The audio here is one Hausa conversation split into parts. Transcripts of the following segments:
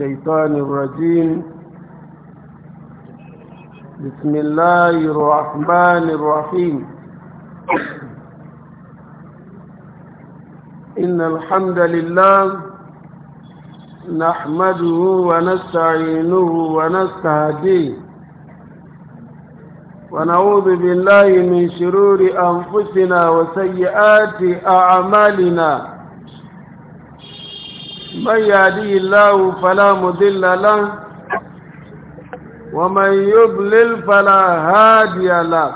الشيطان الرجيم بسم الله الرحمن الرحيم إن الحمد لله نحمده ونستعينه ونستهديه ونعوذ بالله من شرور أنفسنا وسيئات أعمالنا من يهديه الله فلا مضل له ومن يضلل فلا هادي له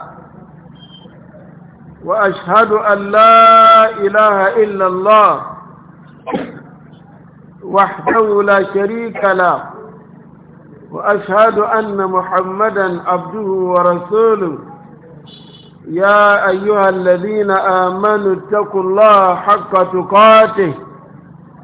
وأشهد أن لا إله إلا الله وحده لا شريك له وأشهد أن محمدا عبده ورسوله يا أيها الذين آمنوا اتقوا الله حق تقاته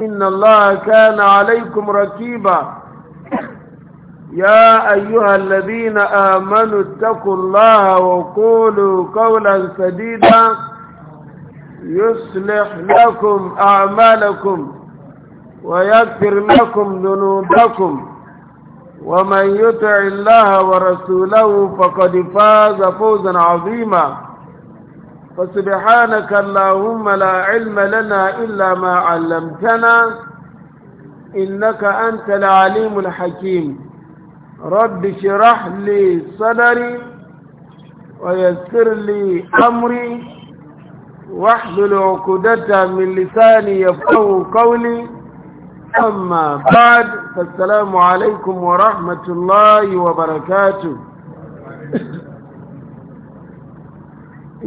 إن الله كان عليكم ركيبا يا أيها الذين آمنوا اتقوا الله وقولوا قولا سديدا يصلح لكم أعمالكم ويغفر لكم ذنوبكم ومن يطع الله ورسوله فقد فاز فوزا عظيما فسبحانك اللهم لا علم لنا إلا ما علمتنا إنك أنت العليم الحكيم رب شرح لي صدري ويسر لي أمري واحلل عقدة من لساني يفقه قولي أما بعد فالسلام عليكم ورحمة الله وبركاته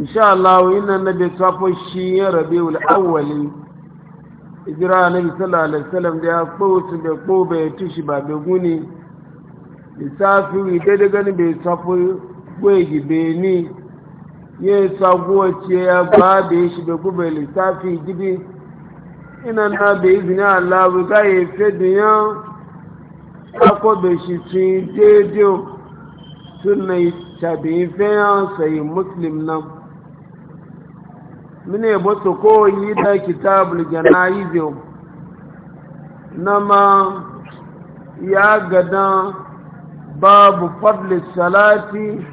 insha Allah inna nabi safo shi ya rabiul awwali ijira nabi sallallahu alaihi wasallam da ya kowace da kobe tushi ba da guni lissafi daidai gani bai safo gwegi beni ya ce ya ba da shi da lissafi gibi ina na da izini Allah ga ya fi duniya shi tun na yi sayi muslim nan mine bo so ko yi da kitabul na nama ya gada babu fadli salati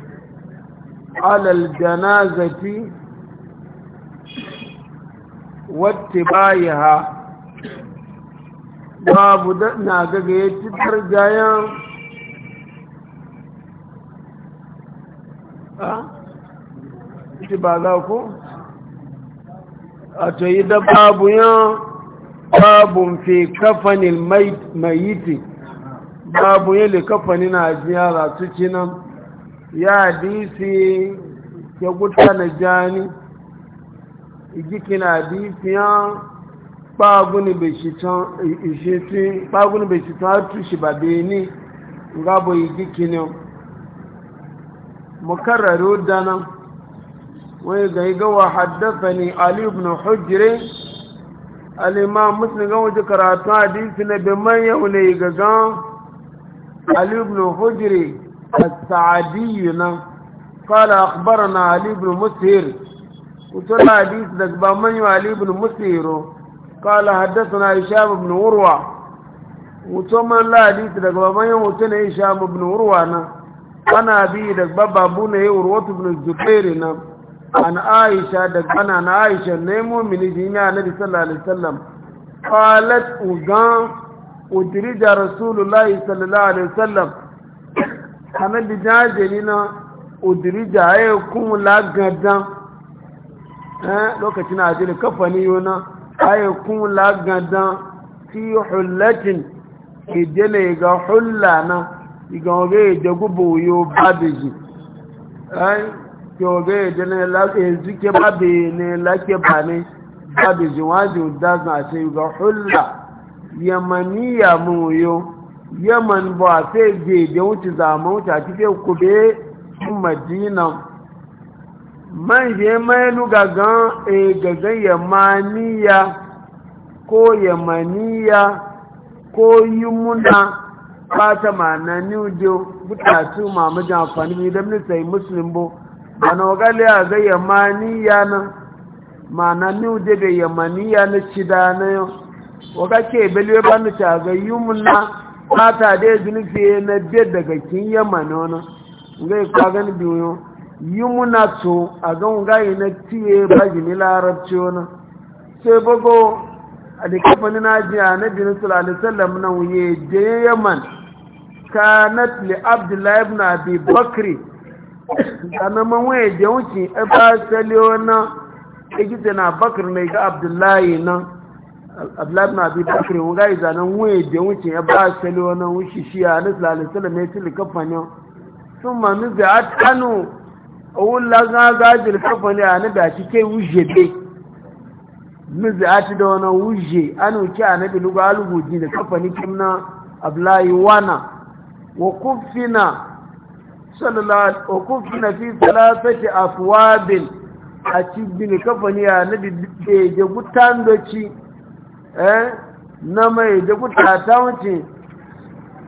alal janazati wattibayiha babu da na gaga ya ci tarjayen ah? ba za ku? a to yi da babu yan babun fi kafanin mayiti babu yi le kafanin a ajiya rasu cinan ya disi ya guta na jani igikin hadisi ya kpaguni beshitan atushi babe ni ngabo igikin mukarrari dana ويقول حدثني علي بن حجر الإمام مسلم قال كراتو حديثنا بمن يولي قال علي بن حجر السعدي قال أخبرنا علي بن مسهر وصل حديث لك بمن علي بن مسهر قال حدثنا إشاب بن وروع وثم لا حديث لك بمن يولي إشاب بن وروعنا أنا أبي لك بابا بني وروت بن الزبير نعم an aisha da ana na aisha ne mumini jina na sallallahu alaihi wasallam qalat ugan udirija rasulullahi sallallahu alaihi sallam kana bijaje ni na udirija ay kuma la gadan eh lokacin ajili kafani yona ay kun la gadan fi hullatin idele ga hullana igan oge jagubo yo babiji ai kyoge da ne laƙe zuke babe ne laƙe ba ne babe jiwajin dazin a ce ga hulla yamani ya muyo yaman ba ti gege wuce zama wuce a cikin kube madina man je mai lugagan e yamaniya ko yamaniya ko yumuna fata ma na new deal butatu fani amfani idan nisa yi musulun bo anogaliya ga yamaniya na mana ni uje ga yamaniya na cida na yau waka ke beliwe ba ni ta ga mata da ya zunufi na biyar daga kin yamani wani ga ikwa gani biyu muna to a ga ngayi na tiye ba gini larabci wani sai bago a da kafin na ji a na binu sulalisallam na wuye je yaman kanat li abdullahi ibn abi bakri kanaman waya da wuce ba saliyo na ikita na bakar mai ga abdullahi na abdullahi na bi bakar wuga izanen waya da wuce ya ba saliyo na wuce shi a nasu lalisala mai tuli kafanin sun ma nufi a kano a wula gagajin kafanin a na da cike wuce be nufi a ti da wani wuce an wuce a na bilugu aluguji da kafanin kimna abdullahi wana wa kufina sallallahu na fi thalathati afwabin a cibin kafaniya na da gutan doci eh na mai da gutata wuce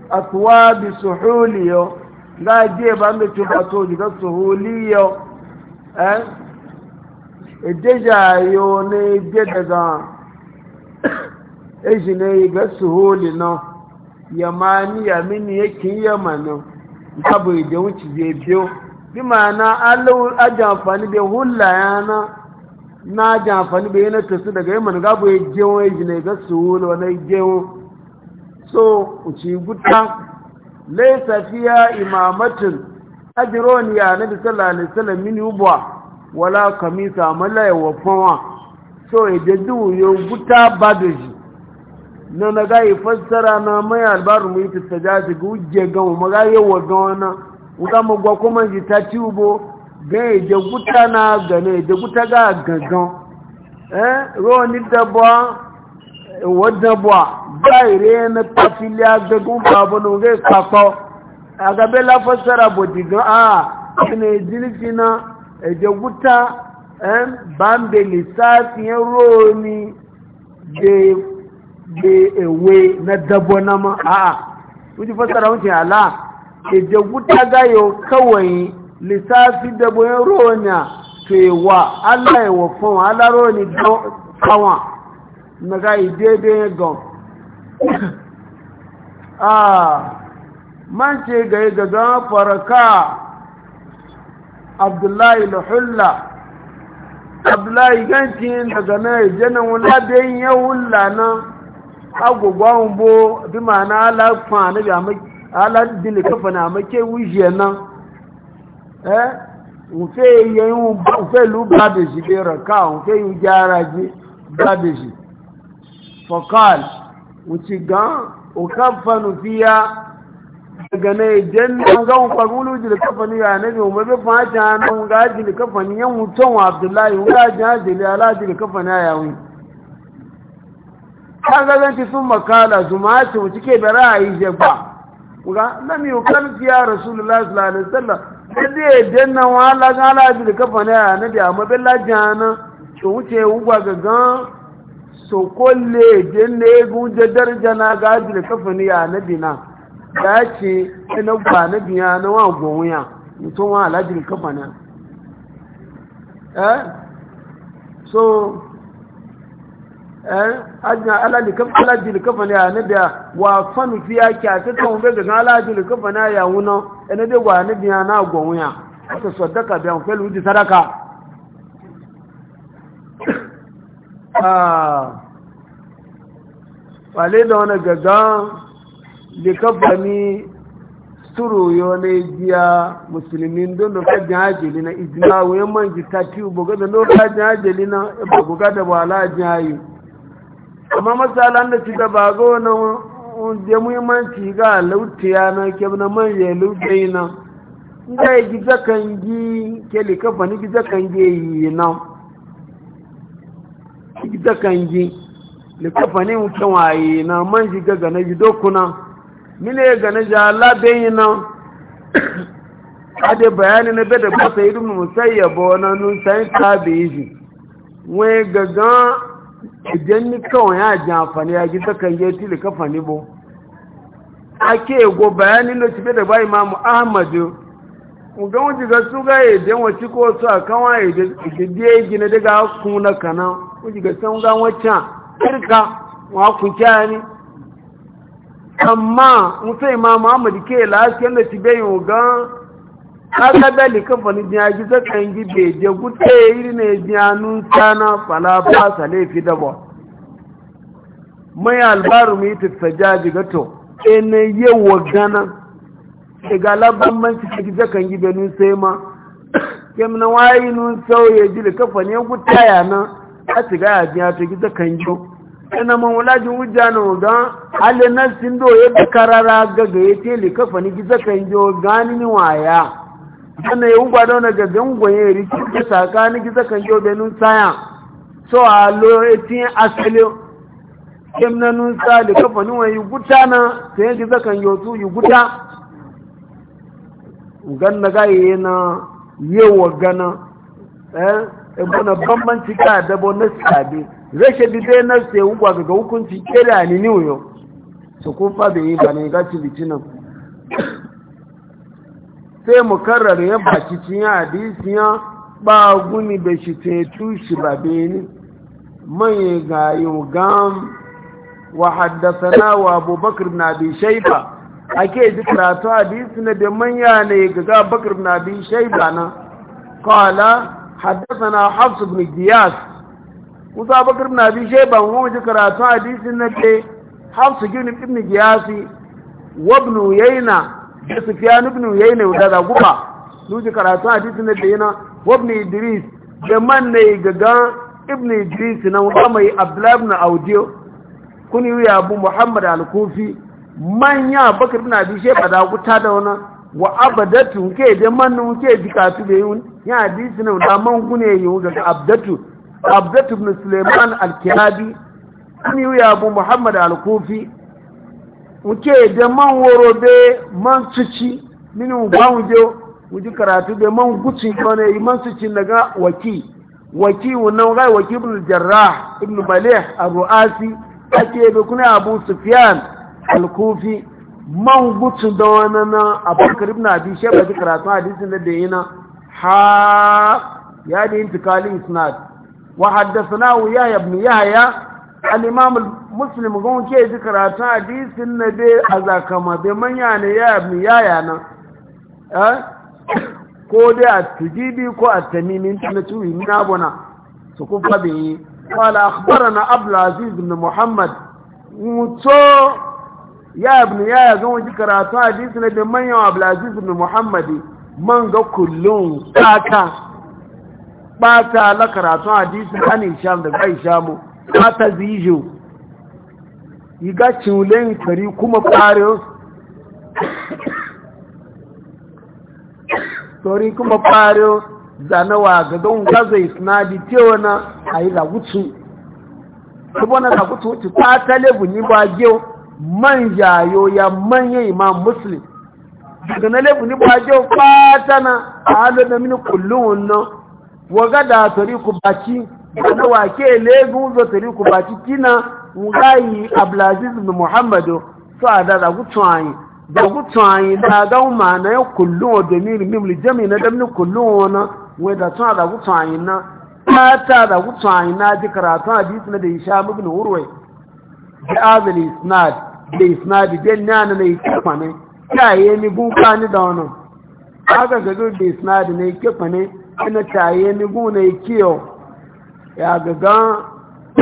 afwabi suhuliyo ga je ba mu to suhuliyo eh e yo ne je daga eji ne ga suhuli no yamani babu da wuce zai biyo bi ma'ana allahu aji amfani bai hula yana na aji amfani bai yana tasu daga yi manu gabu ya gewo ya jina ga su wula wani gewo so uci guta laisa safiya imamatin ajiron ya bi sallallahu alaihi wasallam mini ubwa wala kamisa mala ya wafawa so ya jadu ya guta badoji na na gayi fassara na mai albarin mu ita sajati ga ujje ga mu magaye wa ga wana uga mu gwa kuma ji ta ci ubo ga ya je na ga ne je guta ga gangan eh ro ni dabwa wa dabwa bai re na tafiliya ga gun babu no ga kakko aga la fassara bo diga a ne jirgina e je guta eh bambe lissafi ro ni ewe na dabo na ma a'a wuce fasara wuce ala eje wuta gayo kawai lissafi dabo ya ronya wa allah ya ala alaro ni kawa na ga idebe ya gan a ah, man ce ga yi gaga faraka abdullahi lahulla abdullahi ganci daga na ijanin wula bayan ya hulla nan agwagwa bo bi ma ala kwa na bi ala dili kafa na amake wuje na eh un yayin fe lu ba de ra ka raka fe yu gyara ji ba da shi fakal ti ga o nu fiya daga ne jannan ga un fagulu jil ni ya nabi umar bi fata nan ga jil kafani yan mutum abdullahi ga jil ala jil na ya un kaga zanci sun makala jumace wuce ke bera a yi jeba ga lami yukan ya rasulullahi sallallahu alaihi wasallam sai ya danna wala ga ala bi da kafa na ya nabi amma billa jana to wuce ugwa gaga so kolle danne gu da darja na ga ji da kafa na ya nabi na da ce ina ba nabi ya na wa gowuya mutum wa ala ji da kafa na eh so Eh, alaji likafa ne a na biya wa fanu fiya kyata ta hunbe ga alaji likafa na ya wuna ina dai gwa na biya na gwa wuya ta sadaka biya kwelu wuji sadaka wale da wani gaga likafa ni suru yo ne jiya musulmi don da fajin hajjeli na izina wuyan manji ta tiwo buga da lokacin hajjeli na e buga da ba alajin hajjeli amma masalan da ci gaba ga wani da muhimmanci ga lautiya na kebna man lautiya yi na ga yi gida kan gi kele kafa ni gida kan gi yi na gida kan gi le kafa ni wuce waye na man shi ga gane gido kuna mile gana ja labe na ade bayani na bada kusa irin ibn musayyab wannan nun sai tabi shi wai gaggan idan ni kawai ya ji amfani ya gita kan yi tili kafa ni bo ake go bayanin da tafi da bai mamu ahmadu ga wajen ga su ga idan wace ko su a kawa idan ya gina daga kuna kana wajen ga san ga waccan kirka wa ku kya ni amma mutai mamu ahmadu ke lafiyar da tafi yi ga aka dalika falin ya ji zakan gi beje gute iri ne biya nun sana fala ba sale fi dabo mai albaru mi tattajaji gato ene yewa gana daga labban man ta ji zakan gi da nun sai ma kem na wayi nun sauye ji da kafa ne guta ya na a shiga ya biya ta gi zakan gi ina man wulajin wujja na ga ale nasin do ya da karara gaga ya tele kafa ni gi zakan gi ni waya dana ya ugba da wani gagan gwaye rikin ka ni gisa kan yau da nun tsaya so a lo asali kim na nun sa da kafa wani yi guta na ta yi gisa kan yau su yi guta gan na yi na yawa gana eh e na bambanci ka dabo na sabi rashe bide na sai ugba ga hukunci kira ni niyo so kun fa da yi ba ne ga ci bicinan sai mu karar ya baki cikin hadisi ya ba guni da shi tetu shi ba beni manye ga yin gam wa haddasana wa abubakar na bi shaifa ake ji karatu hadisi na da manya ne ga abubakar na bi shaifa na kala haddasana hafsu bin giyas kusa abubakar na bi shaifa mu ji karatu hadisi na da hafsu bin giyasi wabnu yaina da sufyan ibn uyayna da zaguba nuji karatu hadisi na bayina wabni idris da man ne gaga ibn idris na mai abdullah ibn audio kuni ya abu muhammad al-kufi manya bakar ibn abi shayba da guta da wannan wa abadatu ke da man ke jikatu da yun ya hadisi na da man gune yun ga abdatu abdatu ibn suleiman al-kilabi kuni ya abu muhammad al-kufi oke da man woro be man cici mini ba mu je wuji karatu da man guci kone yi man cici daga waki waki wannan gai waki ibn jarrah ibn malih ar-ru'asi ake da kuna abu sufyan al-kufi man guci da wannan na ibn abi shayba da karatu hadisin da yana ha ya da intikalin isnad wa haddathnahu yahya ibn yahya al'imam muslim gun ke ji karatu hadisin na be a zakama be manya ne ya yabi yaya nan ko dai a tujibi ko a tamimin tana tuyi na buna su kufa da yi kwala akbara na abdulaziz bin muhammad mutu ya yabi yaya gun ji karatu hadisi na be manya abdulaziz bin muhammadi man ga kullum tsaka ta la karatun hadisin an isham da bai shamu kata zijo yi gacin wulen kari kuma karius tori kuma karius zanawa ga don gaza di tewa na a yi lagutu kuma na lagutu wuce ta talibu ni ba geo man jayo ya manye imam muslim daga na lebu ni ba geo fata na a halin da mini kullum wannan waga da tori ku baki wanda wake legun zotari ku baki kina ngayi abdulaziz bin muhammadu so ada da gutsuwayi da gutsuwayi da ga ma na ya kullu wa domin mimli jami na damni kullu wana wai da tun da gutsuwayi na ta da gutsuwayi na ji karatu hadisi na da isha ibn urwai da azal isnad da isnad da nana ne kafa ne yi ni buka ni da wannan aka ga da isnad ne kafa ne ina taye ni ne kiyo ya gaga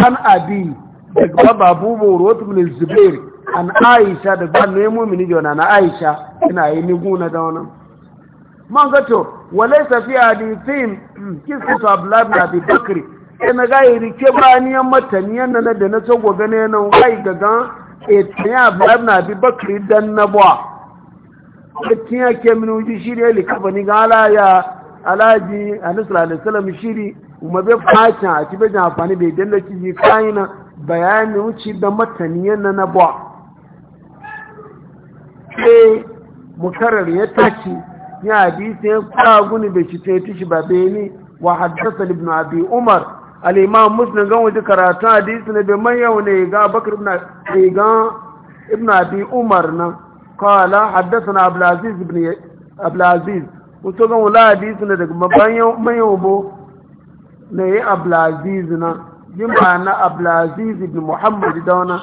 an abi daga babu boro min zubair an aisha da ban ne mu min jona na aisha ina yi ni guna da wannan man ga to walai safi hadithin kisu to na bi bakri ina ga yi rike matani mataniyan nan da na tsogo gane nan gai gaga eh, tiya abdullah na bi bakri dan nabwa tiya ke min uji shi ne likabani ga ala ya alaji anisula alisalam shiri kuma bai fashin a ci bai amfani bai dalla ci ji kayina bayani wuce da matani yana na ba ke mukarar ya tashi ya hadisi ya guni bai shi sai shi ba bai ni wa haddasa libna abi umar al-imam muslim gan wajen karatun hadisi ne bai manyau ne ga bakar ibn abi umar nan kawala haddasa na العزيز Ibn عبد wato ga wula hadisi ne daga mabayan mayobo na yi ablaziz na yin ba na ablaziz ibn muhammad dauna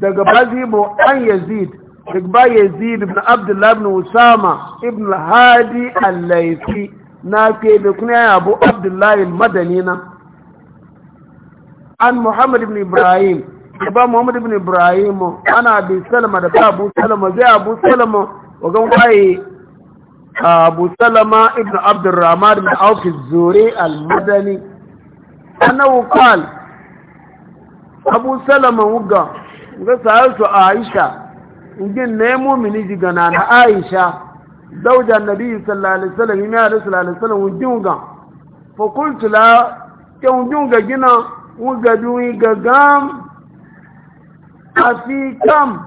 daga bazibo an yazid daga ba yazid ibn abdullah ibn usama ibn hadi al-laifi na ke da kuna ya abu abdullah al-madani na an muhammad ibn ibrahim ba muhammad ibn ibrahim ana bi salama da ba abu salama zai abu salama wa gan waye abu salama ibn abdurrahman ibn auki zure al-madani annahu qal abu salama wuga ga sa'altu aisha ingin nemo mu'mini jigana na aisha zaujan nabi sallallahu alaihi wasallam ina da sallallahu alaihi wasallam wujunga fa qultu la kan wujunga gina wuga duwi gagam afi kam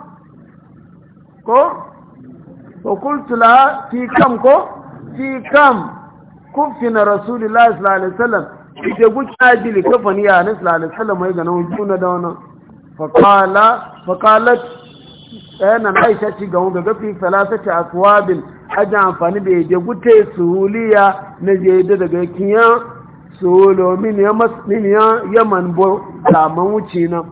ko وقلت لها في كم كو في كم كفن رسول الله صلى الله عليه وسلم يجبو أجل لكفن يا نس صلى الله عليه وسلم ويقنا ويقنا دونا فقال فقالت أنا عايشة تقوم في ثلاثة أثواب أجا amfani da yaje gute suhuliya na jade daga كيا suhulo من يمس من يمن بو wuce na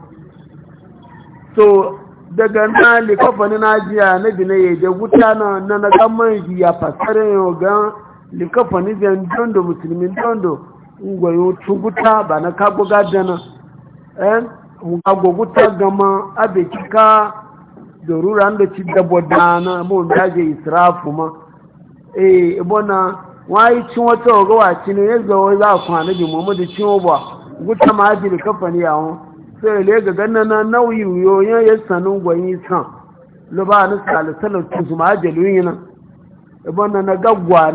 so daga na likafanin ajiya na binaye da wuta na na na gaman ya fasarin yau ga likafanin zan dondo musulmin dondo ngwayo tuguta ba na kago gadana ɗan eh, kago guta gama abe kika da ruran da ci dabo dana mun daje israfu ma eh ibona wayi cin wata ogowa cin ne zawo za na bi mu mu da cin ba guta ma ajiya likafani yawon sai le ga na nauyi yoyon ya sanu gwayi san lo ba ni salisala tuzu ma ajalu yina ibon na na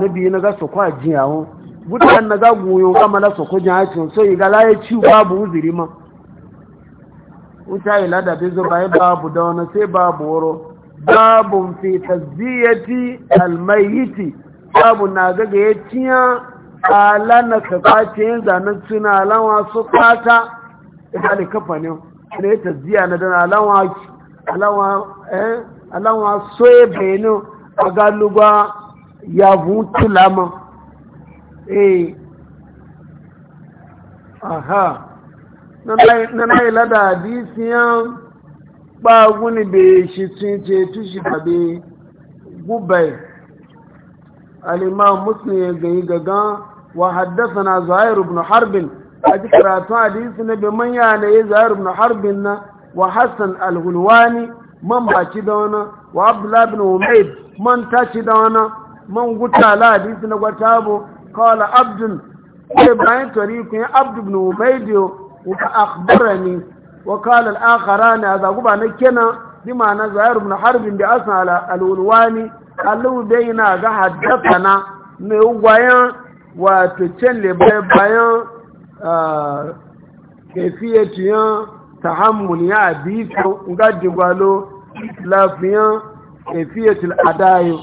biyu na ga su jiya ho gudan na ga yau kama na su jiya tun so yi gala ya ci babu uziri ma wuta yi lada bai babu da wani sai babu wuro babu fi tazziyati almayiti babu na gaga ya ciya ala na kaface zanen suna alawa su ita ne kafa ne ta ziya na dana alawa alawa eh alawa soye bayanu a galuba ya vutu lama eh aha na na ila da hadisiyan ba guni be shi tun ce tushi ba gubai al-imam muslim ya gayi gaga wa haddathana zuhair ibn harbin a ji karatu hadisi na bai manya na ya zahar na harbin na wa hassan alhulwani man baci da wani wa abdullahi bin umaid man taci da wani man guta la hadisi na gwata gwatabo kawala abdun sai bayan tori kun yi abdu bin umaid wa akhbarani wa kala al-akharani azaguba na kenan bima na zahar bin harbin bi asan alhulwani alu bai na ga haddasa na mai gwayan wato can bayan kẹfíyẹtì yẹn tàhámùlì yẹn àbí ìgbàdìgbà ló láfihàn kẹfíyẹtì àdáyò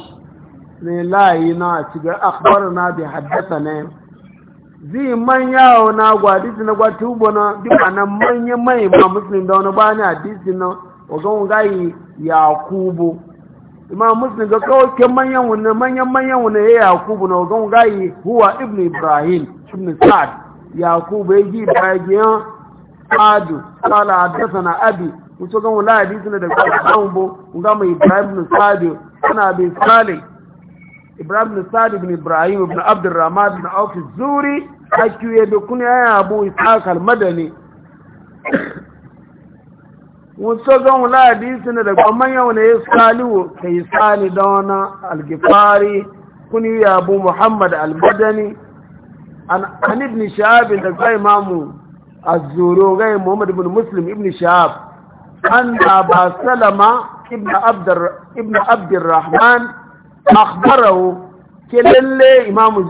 ní láàyè náà àti gbẹ àkọọ́rọ̀ náà bí àdẹ́sà náà zai manya na gwadisi na gwati ubo na duka na manya mai ma musulun da wani bani na wagon gayi yakubu imam musulun ga kawai na huwa ibn ibrahim ibn yakubu ya ji bagiyan adu kala haddasa na abi mutu gan wula hadisi na daga samun bo nga mai ibrahim bin sadi ibrahim bin sadi bin ibrahim bin abdurrahman bin auf zuri hakiyu ya bi kun yaya abu ishaq al-madani mutu gan wula daga manyan wani ya saliwo kai sali da wani algifari kun yi muhammad almadani. an ibn shahab da ga imamu az-zuro ga muhammad ibn muslim ibn shahab anna ba salama ibn abd ibn abd arrahman akhbarahu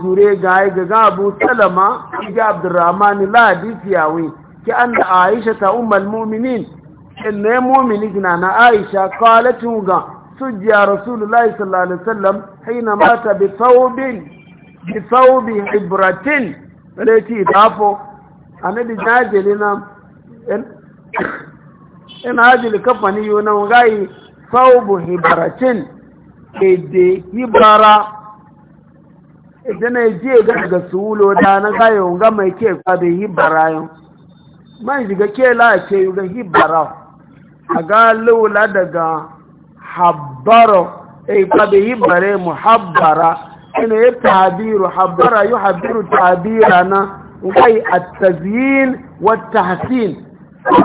zure ga ga gabu salama ibn abd arrahman la difiyawi ke anna aisha ta ummul mu'minin inna mu'mini gina na aisha qalat ga sujja rasulullahi sallallahu alaihi wasallam mata bi thawbin bi ibratin wale ti dafo anabi jajili na ina ajili kafani yi na ngai saubu ibratin ede ibara ede na eji ga ga sulo da na gayo nga mai ke kwabe ibara yau mai diga ke la ce yi ga ibara a ga lula daga habbaro e kwabe ibare muhabbara ina ya tabiru habara yi habiru tabira na wai a taziyin wata hasin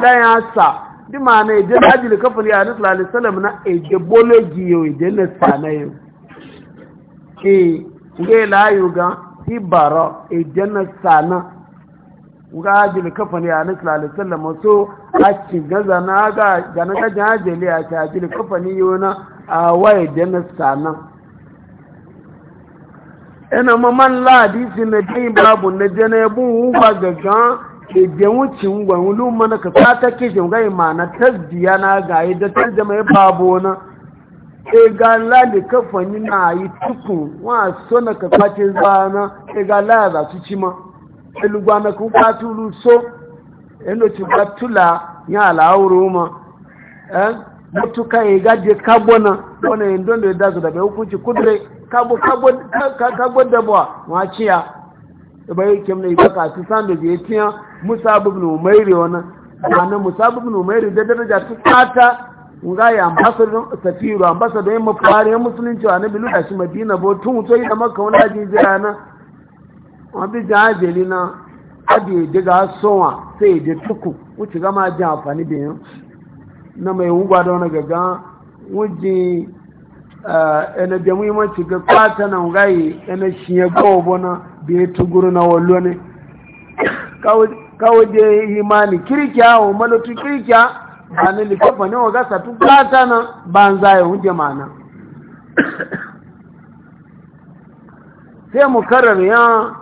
ɗaya sa di ma na eje ajiyar kafin ya nasu lalisalam na eje bologi yau eje na sanayin e ga layu ga ibara eje na sana ga ajiyar kafin ya nasu lalisalam so a cigaza na ga na gajin ajiyar ya ta ajiyar kafin yau na a waye eje na sana ena maman ladi si na jin babu na jana ya wu ba gaga ke jewu cin wu hulu mana ka ta ta ke jewu ka yi ma na ga yi da yi ba babu na e ga ladi ni na yi tuku wa so na ka kwace na e ga ladi za su ci ma elugba na kun kwatu lu so eno ci ba tula ya alawuro ma eh mutuka ya gaje kabona wani yadda da ya dazu daga hukunci kudure kabon da ba maciya da bai kem na ibaka kasu san da biya tiya musabu na umairi wani musa musabu na umairi da daraja su kata nga ya ambasadon safiru ambasadon yin mafari ya musulunci wani bilu da shi madina bo tun wuto yi da maka wani ajin jira na wani jajeli na adi ya diga sowa sai ya je tuku wuce gama jin amfani da yin na mai wuba da wani gaga wujin ene da muhimmanci ga kwata na gayi ene shi ya gawa na da ya tuguru na wallo ne kawo da ni kirkiya wa malatu kirkiya ba ni lifafa ne wa gasa tu kwata na n zaya wuje mana sai mu karar ya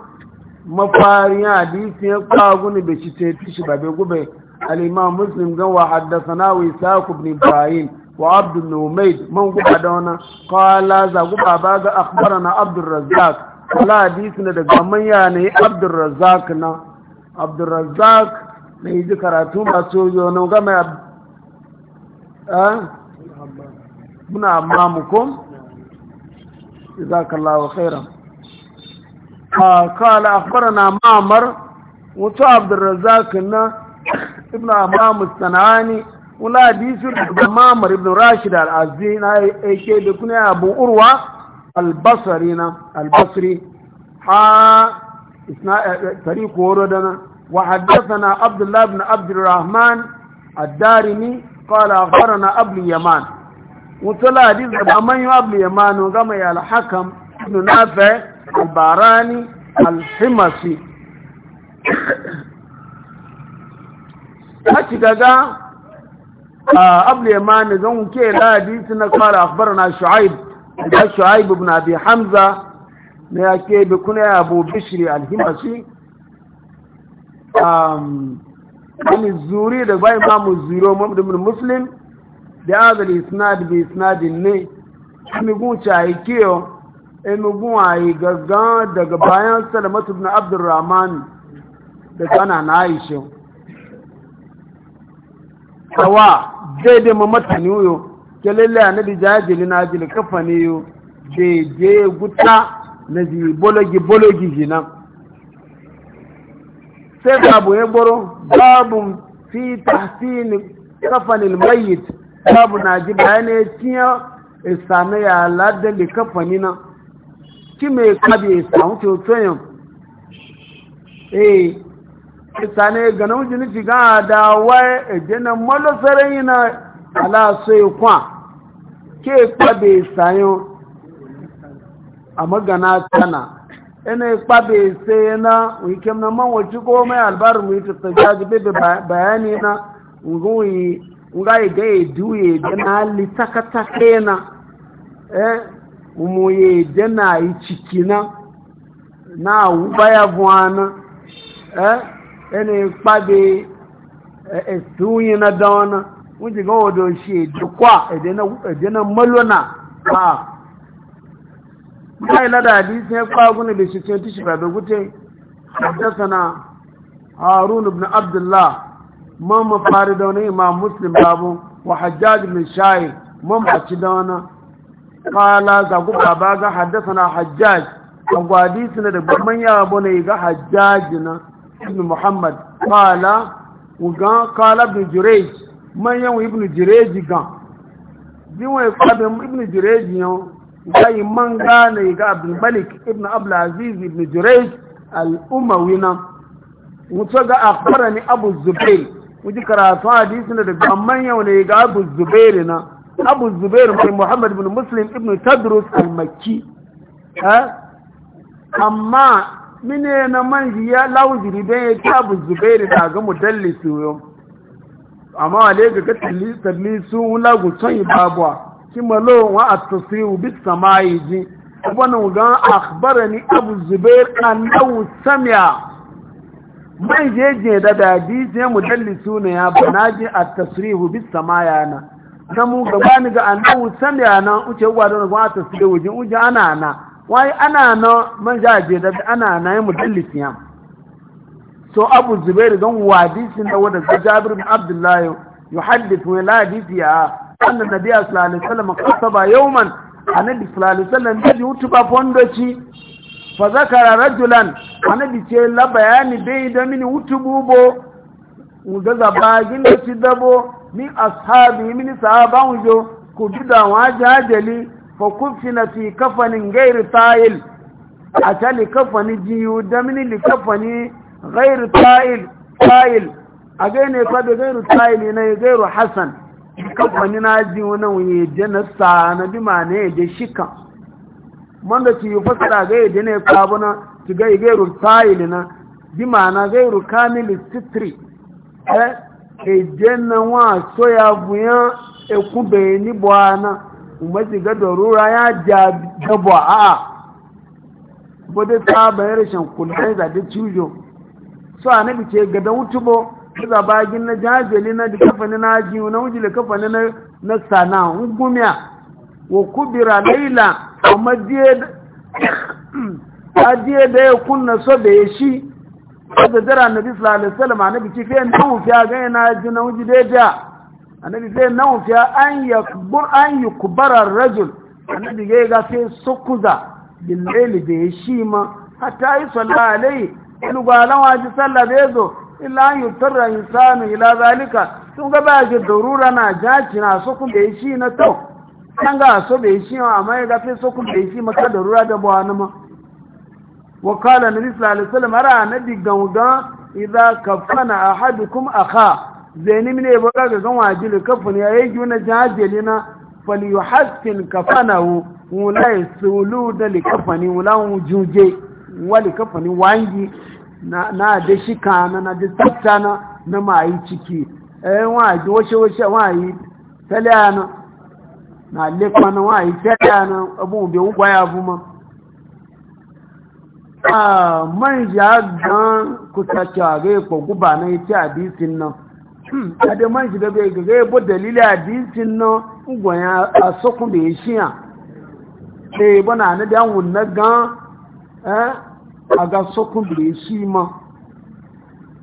mafari ya hadisi ya kwaguni da shi ta yi ba bai gube الإمام مسلم قوى حدثنا ويساك بن إبراهيم وعبد النوميد من دونا قال ذا قبع أخبرنا عبد الرزاق ولا ديسنا دقى من يعني عبد الرزاقنا عبد الرزاق نيجي كراتو ما سوجو نوغا ما يب... أه؟ أمامكم جزاك الله خيرا قال أخبرنا معمر وتو عبد الرزاق ابن امام الصنعاني ولا ديسر ابن مامر ابن راشد العزين اي شيء بكنا ابو اروى البصرين البصري ها اثناء طريق وردنا وحدثنا عبد الله بن عبد الرحمن الدارمي قال اخبرنا ابن يمان وطلع ديسر ابن ابن يمان وقام يا الحكم ابن نافع الباراني الحمسي haki ga abu yamani zan da hadisi na kwara akbar na shu'aib da shu'aib ibn abi hamza na ke bi kuna ya abu bishiri alhimashi wani zuri da bayan mamu zuro mamdamin muslim da azal isnad bi isnadin ne emigun cayi kiyo emigun ayi gaggan daga bayan salamatu ibn abdurrahman da kana na aisha sawa daidai ma matani yo ke lalle annabi jajili na ajili kafa ne yo je guta na zi bologi bologi jina sai babu ya boro babu fi tahsin kafanil mayyit babu na ji bayanai tiya isame ya ladda da kafani na ki mai kabe samu kyotoyin eh sane ga namiji ni shiga da wai ejena malo sarai na ala sai kwa ke kwabe sayo a magana tana ina kwabe sai na wikem na man wace ko mai albar mu ta tsajaji bebe bayani na nguyi nga ga eduye dana li takatake na eh mu ye dana yi cikina na ubaya buana eh ene kpade esunyi na dona wuji ga wodo shi dukwa edena malona ba kai la da ya kwa gune shi ce shi ba gute حدثنا هارون بن عبد الله مام فاردوني امام مسلم بابو وحجاج بن شاي مام حشدونا قال زغو بابا حدثنا حجاج وحديثنا ده بمن يا ابو ne ga na. ibn muhammad qala uga ibn ibn ibn yan man ne ga abdul malik ibn abdul aziz ibn jurej abu zubair karatu hadisi na daga man ne ga abu zubair na abu zubair muhammad ibn muslim tadrus al makki eh? amma mine na man ya lawo jiriben ya tabu zubairu da ga mudallisi yau amma wale ga ga talli sun lagu son yi babuwa kima malo wa a tasiru bit samayi ji wani ga akbara ni abu zubair an lawu samiya man je da dadi sai mudallisu ne ya bana ji a tasirihu bit samaya na kamu gaba ni ga an lawu samiya na uce gwadon gwa tasirihu jin uje ana na wai ana na manja je da ana na yi mudallis ya so abu zubairu don wadisin da wadda su jabir bin abdullahi yuhaddith wa la hadisi ya annan nabi sallallahu alaihi wasallam qasaba yawman annabi sallallahu alaihi wasallam da ji hutuba fondoci fa zakara rajulan bi ce la bayani bai da mini hutububo da zabagin da ci dabo min ashabi min sahaban jo ku bi da wajajali fa kufina fi kafanin gairi tayil a ta likafani jiyu damini likafani gairi tayil tayil a gaine kwado gairu tayil na gairu hassan kafani na ji wani wuye janasta na bi ma na yaje shikan wanda ci yi fasara ga yaje ne kwabuna ci gai gairu tayil na bi ma na gairu kamili sitri eh eje na wa soya buya ekube ni bwana umarci ga darura ya jaba a bude bayar rashin kulai zaɗe cujo su a na bice ga don tubo za bagin na jajeli na da kafani na jiwu na wujile kafani na sana gumiya wa kubira laila amma jiye da ya kunna so da ya shi wadda jira na bisu alaihi salama na bici fiye na wufi a gani na ji na wuji daidai annabi zai nan fiya an yi an yukbara rajul annabi zai ga sai sukuza billahi da ya shi ma hatta yi sallah alai ilgwalan waje sallah zai zo illa an yutarra insanu ila zalika sun ga ba ji darura na jaki na sukun da ya shi na tau kan ga so bai shi ma amma ya ga sai sukun da ya shi maka darura da bawa na ma wakala na sallallahu alaihi ra ara annabi gangan idza kafana a ka zeni mine bora ga gan wajili kafin ya yi yuna jajeli na fali yuhassin kafanahu wula isulu da likafani wula wujuje wali kafani wangi na da shika na na da tsafta na na mayi ciki eh waje washe washe wayi talyana na lekwa na wayi talyana abu be ugwaya buma ah manja dan kusa kyare ko guba na yace hadisin nan Hmm. ade man shi daga gaga bo dalili hadisin no ngwa ya asokun be shiya e bona na da wun na e, ga eh aga sokun be shi ma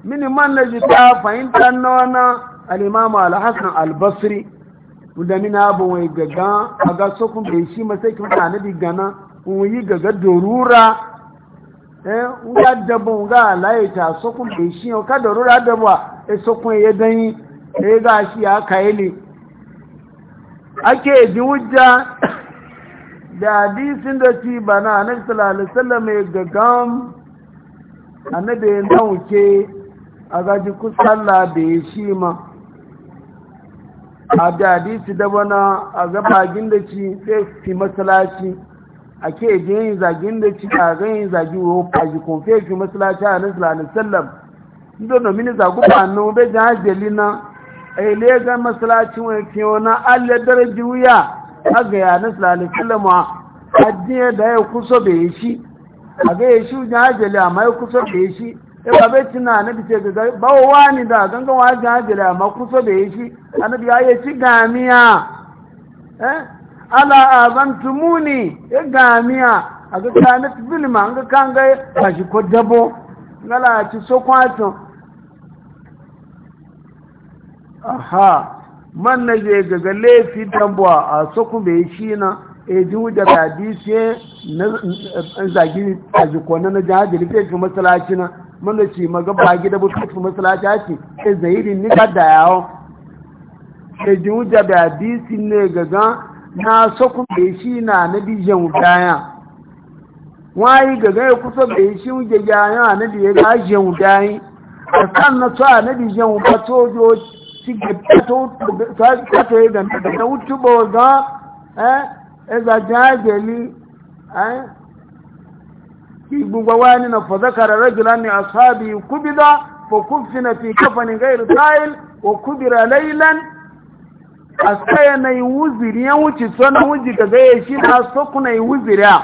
mini man na ji ta fahimta nona al-imam al-hasan al-basri da na abu wai gaga aga sokun be shi ma sai kuma tanabi gana un yi gaga dorura eh nga ga dabo ga laita sokun be shi o ka dorura dabo esokun ya danyi ya ga shi ya kayi ne ake ji wujja da hadisin da ci bana annabi sallallahu mai gagam a na da ya dauke a gaji kusalla da ya shi ma a da hadisi da bana a gabagin da ci sai fi masalaci ake ji yin zagin da ci a ga yin zagi wo faji kun fi masalaci a nan sallallahu alaihi wasallam ndono minista gubanin bai jan hajjali na ile ga e masalacin wani kiyo na alladar juya a ga yana sulalisilama ajiye da ya kusa da ya e shi a ga ya e shi jan hajjali amma ya kusa da ya shi e ba bai cina na bice ga bawa ni da ganga wa jan hajjali amma kusa da ya shi annabi ya ya ci gamiya eh ala azantumuni ya gamiya a ga kanat bilma an ga kan ga kashi ko dabo ngala ci so kwaton aha man na je gaga laifi tambuwa a soku bai shi na e wujar da radishe na zagi a jikona na jihar jirgin fi masalaci na mana ce magaba ba gida bu fi masalaci ce e zahirin ni ka da yawo e wujar da radisi ne gaga na soku bai shi na na bijan wudaya wayi gaga ya kusa bai shi wuje gaya na dijen wudayi a kan na sa na bijan wudayi katoe da utubo ga eh, eza jajeli eh, gbogbo wani na fazakara rajulan ni ashabi kubida fa kufina fi kafanin ghairu sa'il wa kubira lailan a tsaya na yi wuziri ya wuce sona wuji ga gaya shi na soku na yi wuziri a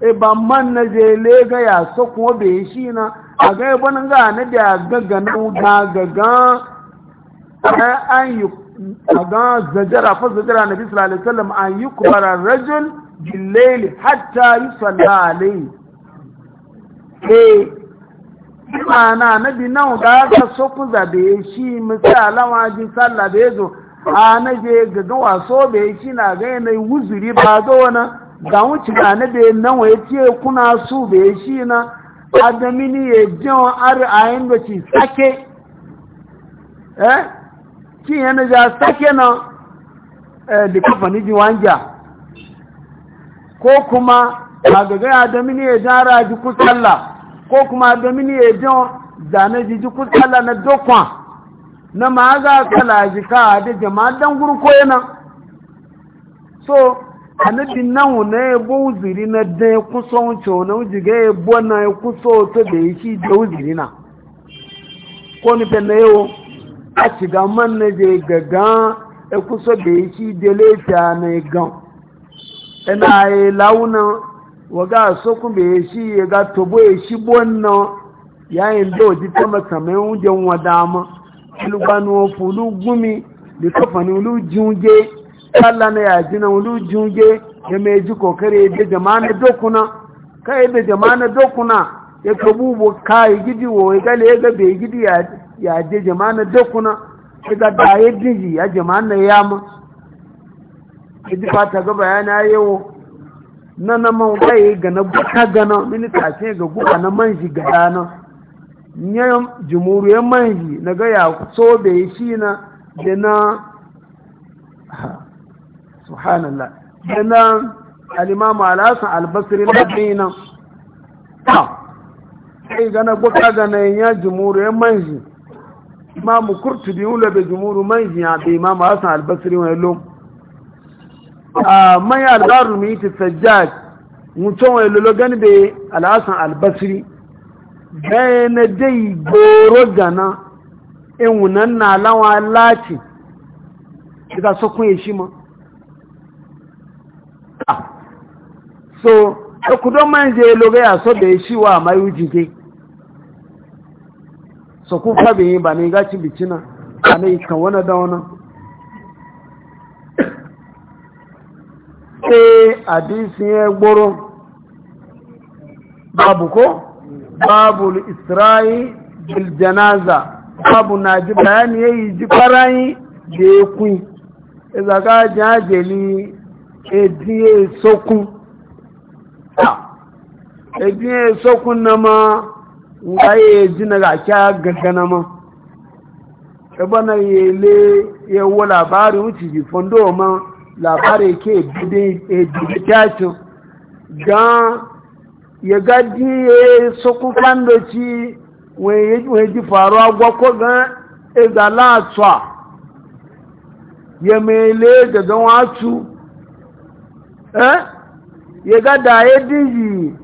e ba man na je ga ya soku be shi na a gaya banin ga na da gaggana gaggana an yi ga zajara fa zajara nabi sallallahu alaihi wasallam an yi kubara rajul billaili hatta yi sallale eh ana nabi nan ga ka so ku zabe shi misala waji sallah ya zo na je ga gawa so ya shi na ga ne wuzuri ba zo wana ga wuci ga na be nan waye ce kuna su ya shi na adamini ya jin ar ayin da ci sake eh kí yẹn náà já sáké na da kamfani ji wanja ko kuma agaga ya domini ya jan ra ji kusalla ko kuma domini ya jan zane ji ji kusalla na dokwa na ma ga kala a de jama jama'a dan gurko yana so anabin nahu na ya bo uziri na da ya kuso wuce na wuce ga ya bo na ya kuso to da ya shi da uziri na ko ni pe na yau a shiga man na je gaga e kusa da ya shi da lafiya na gan ina e yi launa waga so kuma ya shi ya ga tobo ya shi bonna yayin da waje ta masa mai wujen wadama ilubanu fulu gumi da kafani ulu junge kalla na yaji na ulu junge ya mai ji kokare da jama na dokuna kai da jama na dokuna ya kabubo kai gidi wo ya gale ya ga bai gidi ya ya je da kuna daga da ya diji ya jama'ana idan idi ta ga bayana yawo na na man bai ga na buka gana minita ce ga guba na man na, ga dana nyayan man shi na ga ya so da shi na da na subhanallah da na al-hasan al-basri madina ta sai gana guka gana ya man manji imamu kurtubi wula da jumuru man jiya be imamu hasan albasri wani lo a manya albaru mai ta sajjad mutum wani lolo gani be al'asan albasiri bai na dai goro gana in e wunan na lawa lati daga kun ya shi ma so ɗaukudon man je lobe a so e da ya shi wa mayu jike so ku fa ba ne gaci bicina a nai kan wani da wani sai hadisin ya gboro babu ko babu isra'i bil janaza babu na ji bayani ya yi ji farayi da ya kun izaga jajeli ediye sokun ediye sokun na ma ngaye jina ga kya gaggana ma ɗabana ya le yawo labari wuce ji fondo ma labari ke bude tashin gan ya gaji ya sokun kandoci wani ji faruwa gwakwa gan egala atwa ya mele da don watu eh ya gada ya dinji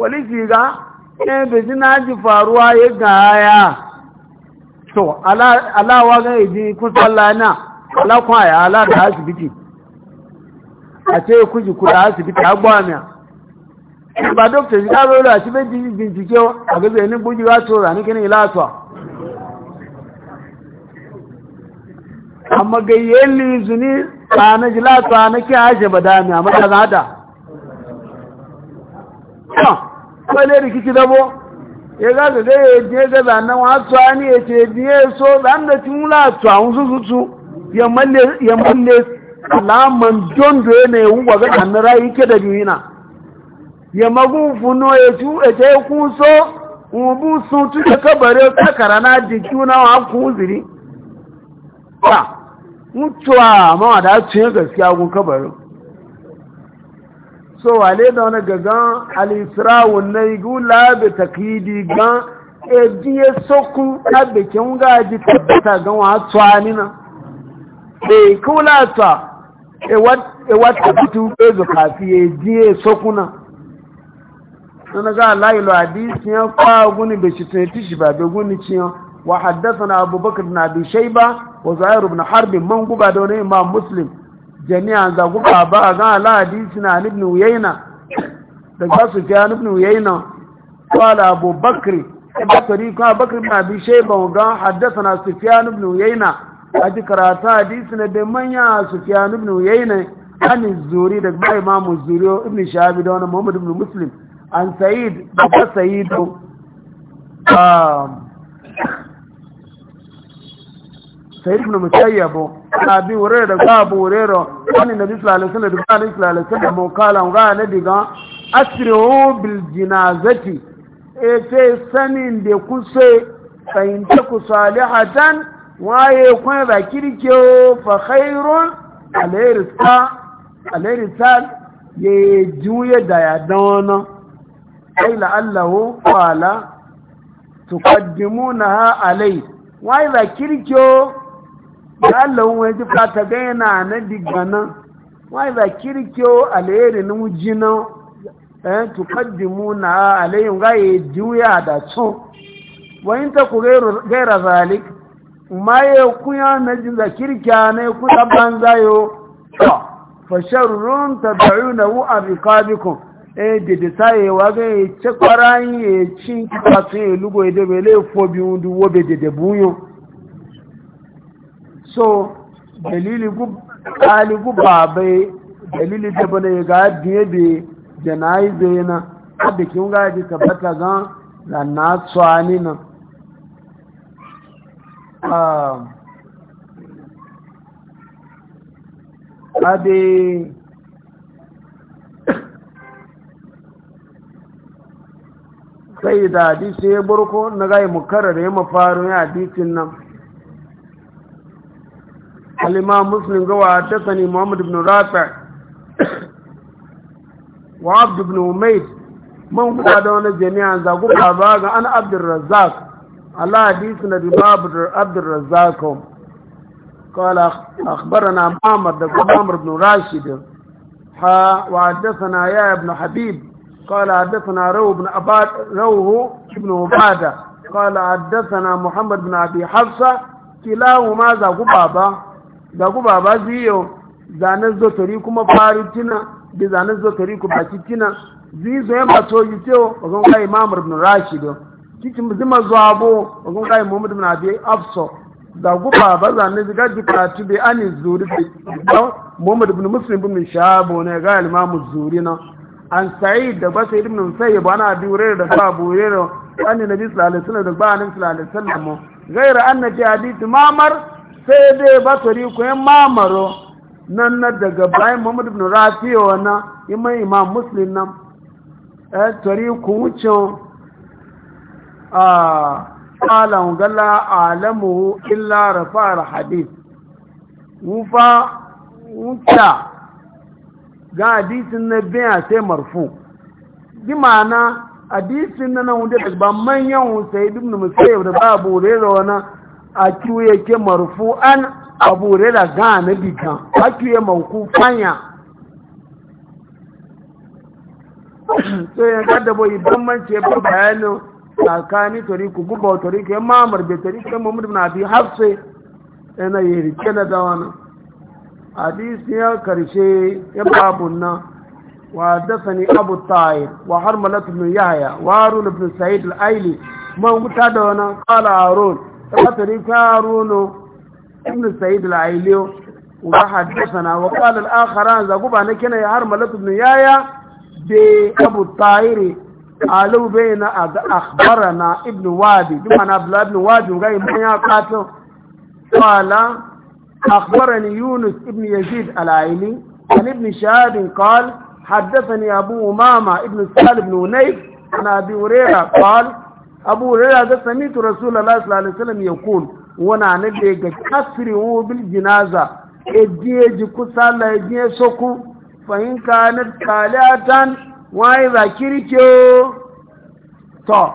polisi ga eh beji na ji faruwa ya gaya to alawa ga yaji kusan lana ala da asibiti a ce kuji kuda asibiti ba amma na kwale rikici dabo ya ga ga ga ya je ga zanen wasu ani ya ce biye so zan da cin wula su a wasu zutu ya malle alaman don da ya ne wugwa ga zanen rayu ke da duniya ya magu funo ya ci ya ce kun so ubu sun tu da kabare sakara na jiki na wa ku ziri ba mutuwa ma da su gaskiya gun kabarin so wale da wani gagan alisrawun na igu labe takidi gan e ya sokun labe gaji tabbata gan wa tsani na e kula ta e wat e e zo kafi e sokuna sana ga layi lo hadisi ya kwa guni be shi tsaye shi ba be guni ciyan wa na abubakar na bi shayba wa rubu na harbin man guba da wani imam muslim jami'an za ku ba ba ga al'adi suna ibn uyayna da ba su fiya ibn uyayna qala abu bakri ba su ri bakri na bi shai ba ga hadathana na ibn uyayna aji karata hadisi na da manya sufyan ibn uyayna an zuri da ba imam zuri ibn shabi da wani muhammad ibn muslim an sa'id da ba sayyid ibn musayyabo abi hurera ga abu hurera wani nabi sallallahu alaihi wasallam da alaihi wasallam mu kala ga na diga asrihu bil jinazati e te sanin da kuse fahimta ku salihatan waye kun ba kirke fa khairun alairisa alairisa ye juye da ya dana ai la'allahu qala tuqaddimunaha alai waye ba kirke galon waje fata ga yana na digana wai za kirkiyo alheri na wujina ɗayan eh, tukaddimu na alayin gaye juya da tso wani ta ku gaira zalik ma ya kuya na jin za kirkiya na ya kusa ban zayo fasharrun e, ta bayu na wu'an rikabikun eh didita ya wa ya ce kwarayin ya cin kifatun ya lugo ya dabe laifobin duwobe da buyo. so dalili kali guba bai dalili da bane ga debe janaize na da kin ga ji tabbata ga da na tsani na um, ade sai da hadisi ya burko na gaya mukarar ya mafarin hadisin nan الإمام مسلم قوى حدثني محمد بن رافع وعبد بن أميد من قادون جميعا زاقوا باباقا أنا عبد الرزاق الله حديثنا بباب عبد الرزاق قال أخبرنا محمد محمد بن راشد ها وحدثنا يا ابن حبيب قال حدثنا روه بن أباد روه ابن أبادة قال حدثنا محمد بن ابي حفصه كلاهما ذا بابا da ku yi yau zanen zotari kuma faru tina da zanen zotari ku baki tina zo ya to yi teo wagon kai mamur ibn rashid mu zima zuwa bo wagon kai muhammad ibn abi afso da ku ba zanen zika jika ci bai ani zuri da muhammad bin muslim bin shabo ne ga imamu zuri na an sayi da ba sai ibn sayyib ana abi wurin da ba abu wurin annabi sallallahu alaihi wasallam da ba annabi sallallahu alaihi wasallam غير أن في mamar. sai dai ba ta riko yan mamaro nan na daga bayan muhammad ibn rafiya wana iman imam muslim nan ya eh, ta riko wucin a alam gala alamu illa rafa'ar hadith wufa wuta ga hadisin na biya sai marfu bi ma'ana hadisin na nan wunde daga ba manyan sai dubna musayar da babu rera wana a cuye ke marufu an abure da gane bikan a cuye mauku fanya Sai yin kada bai bambance ba bayanin tsakani tariku gubawa tariku ya mamar da tariku ya mamar na bi hafse yana yi rike na dawana hadisi ya karshe ya babun nan وحدثني أبو الطائر وحرملة بن يحيى وهارون بن Aili, الأيلي da wani kala harun وطريق هارون ابن سعيد العيلي وحدثنا وقال الآخران زقوب أنا كنا يا هرملة بن يايا بأبو الطائر قالوا بين أخبرنا ابن وادي بمعنى عبد الله بن وادي وغير من يقاتل قال أخبرني يونس ابن يزيد العيلي عن ابن شهاب قال حدثني أبو أمامة ابن سالم بن هنيف عن أبي هريرة قال abu rira ga samitu Rasulallah sallallahu alaihi wasallam kun wana ne da ga kasri wo bil jinaza e je kusa la je soku fa ka na qalatan wa ba kirke to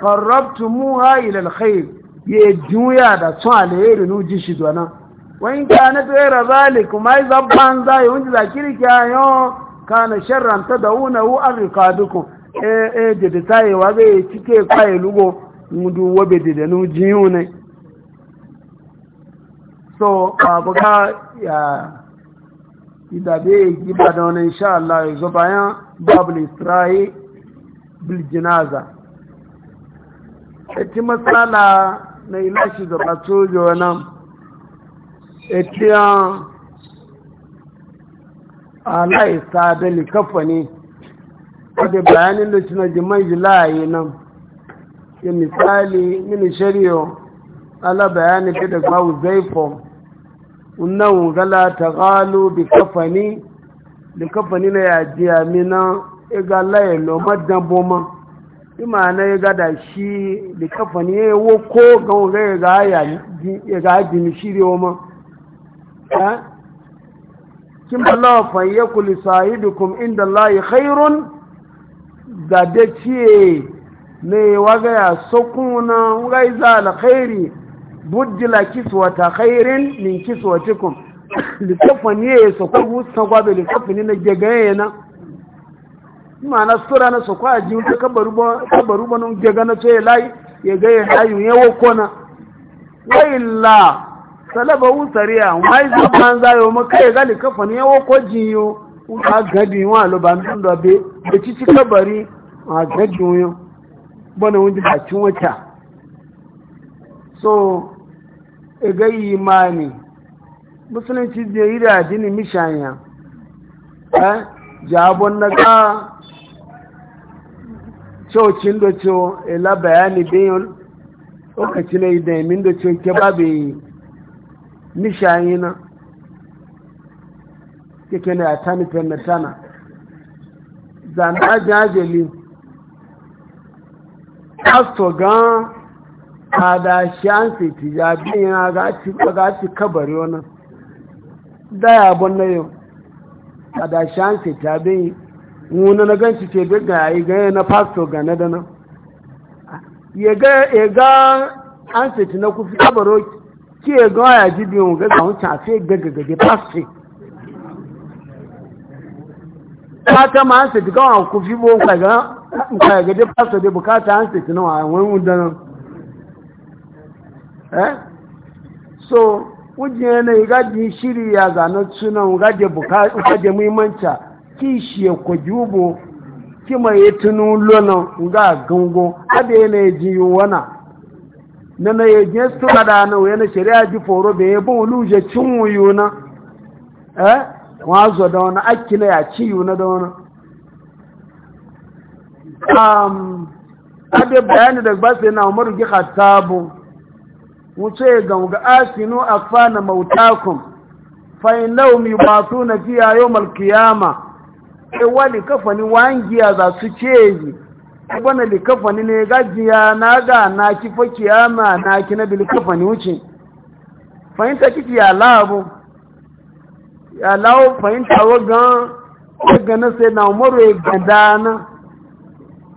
qarrabtumuha ila al khair ye juya da tsale nu ji shi dona wa in kanat ghayra zalikum ma iza banza yunji zakirke ayo kana sharran tadawunahu arriqadukum e dede taye wa be cike kwaye lugo mudu wabe dede nu jiyu ne so abu ka ya idabe giba da wani insha Allah ya zo bayan babul isra'i bil jinaza eti matsala na ilashi da jo nan eti a ala isa da likafa wadda bayanin da suna jiman jilaye nan ya misali mini shari'o ala bayanin ta da kawo zaifon nan gala ta galo bi kafani da kafani na yajiya mina igala ya loma damboma ima na ya gada shi da kafani ya yi woko ga wuga ya ga jini shirya ma kin balawa fayyaku lissahidukum inda Allah khairun da da ciye ne waga ya sokuna gai za alkhairi budila kiswata khairin min kiswatikum litafani ya sokwa gusta gwabe litafani na gegaye na mana sura na sokwa a jiwuta kabaru ba nun gega na ce layi ya gaya layu ya wakona wailla salaba wusariya wai zama zayo maka ya ga litafani ya wako jiyo a gadi wọn aloba ndun dobe da cici kabari a gadi wọn bana wanda bakin wata so igayi imani musulunci da yi da jini mishanya eh jabon na ga cocin da co ila bayani bayan lokaci na idan min da co ke babe mishanya na keke na tani penne tana zan aje ajeli asto gan kada shansi ti ya bin ga ci ga ci kabari wannan da ya bonne yo ada shansi ta bin wuna na ganci ce duk ga yi ganye na pasto gane da nan ya ga an sai na kufi kabaro ki ya ga ya ji biyu ga kawun cafe gagagage pasto ta ta ma hansa ti gawa ku fi bo kaga kaga dai faso dai bukata hansa ti nawa wani wudan eh so wuje ne gaji shiri ya zano sunan gaje bukata gaje muhimmanci ki shi ya jubo ki mai ga ade ne ji wana na na ye na we na shari'a ji foro be bo luje eh wazo da wani akila ya ciyu na da wani ade bayani da ba sai na umaru gi khatabu wuce ga ga asinu afana mautakum fa innahum yubatuna fiha yawm al-qiyamah e wali kafani wangiya za su ceji e bana li kafani ne gajiya na ga na kifa kiyama na kina bil kafani wuce Fahimta in ya labu ya lawo wa wagan gana sai na umaru ya ganda na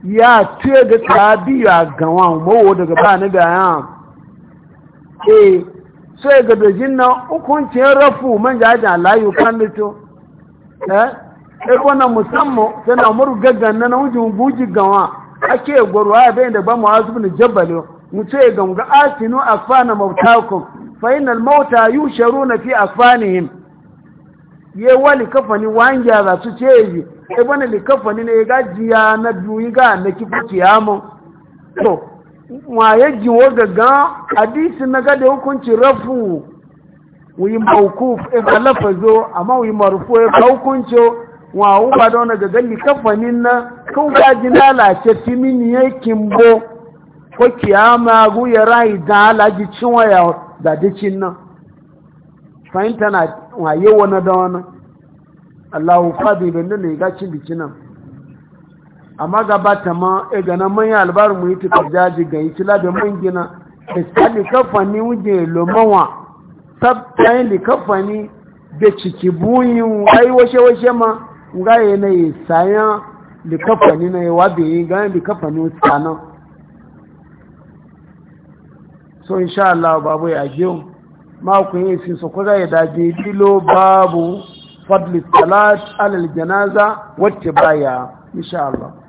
ya tuye da tabi ya gawa umaru daga ba na gaya so ya e, ga dajin na hukuncin rafu man jaji alayu kan lito eh ya kwanan musamman sai na umaru gaggana na wujin buji gawa ake gwarwa ya bayan da ba mu hasu na jabalo mu ce ga mu ga asinu afana mautakum fa innal mauta yusharuna fi afanihim ye wa likafani wanja za su yi e bana likafani ne ga jiya na duyi ga na kifu kiyama to wa ya jiwo gaga hadisi na ga da rafu wuyi mawkuf e ba lafazo amma wuyi marufu e ba hukuncin wa uba da wani gaga likafanin na kan gaji lalace timini ya kimbo ko kiyama guya rai da alaji cinwa ya da dicin nan fahim tana waye wani da wani allahu fadi bin nan ne gacin biki nan amma gabata ma e gana manya albarin mu yi tukar jaji ga yi da man gina iskali kafani wuje lomawa tabbayin da kafani da ciki buyin ai washe-washe ma ga yi na yi sayan da kafani na yi wabe yi ga yi da kafani sanan so insha Allah babu ya jiyo ma ku yi fi su kuza ya daji filo babu fadli talat alal janaza wacce baya insha Allah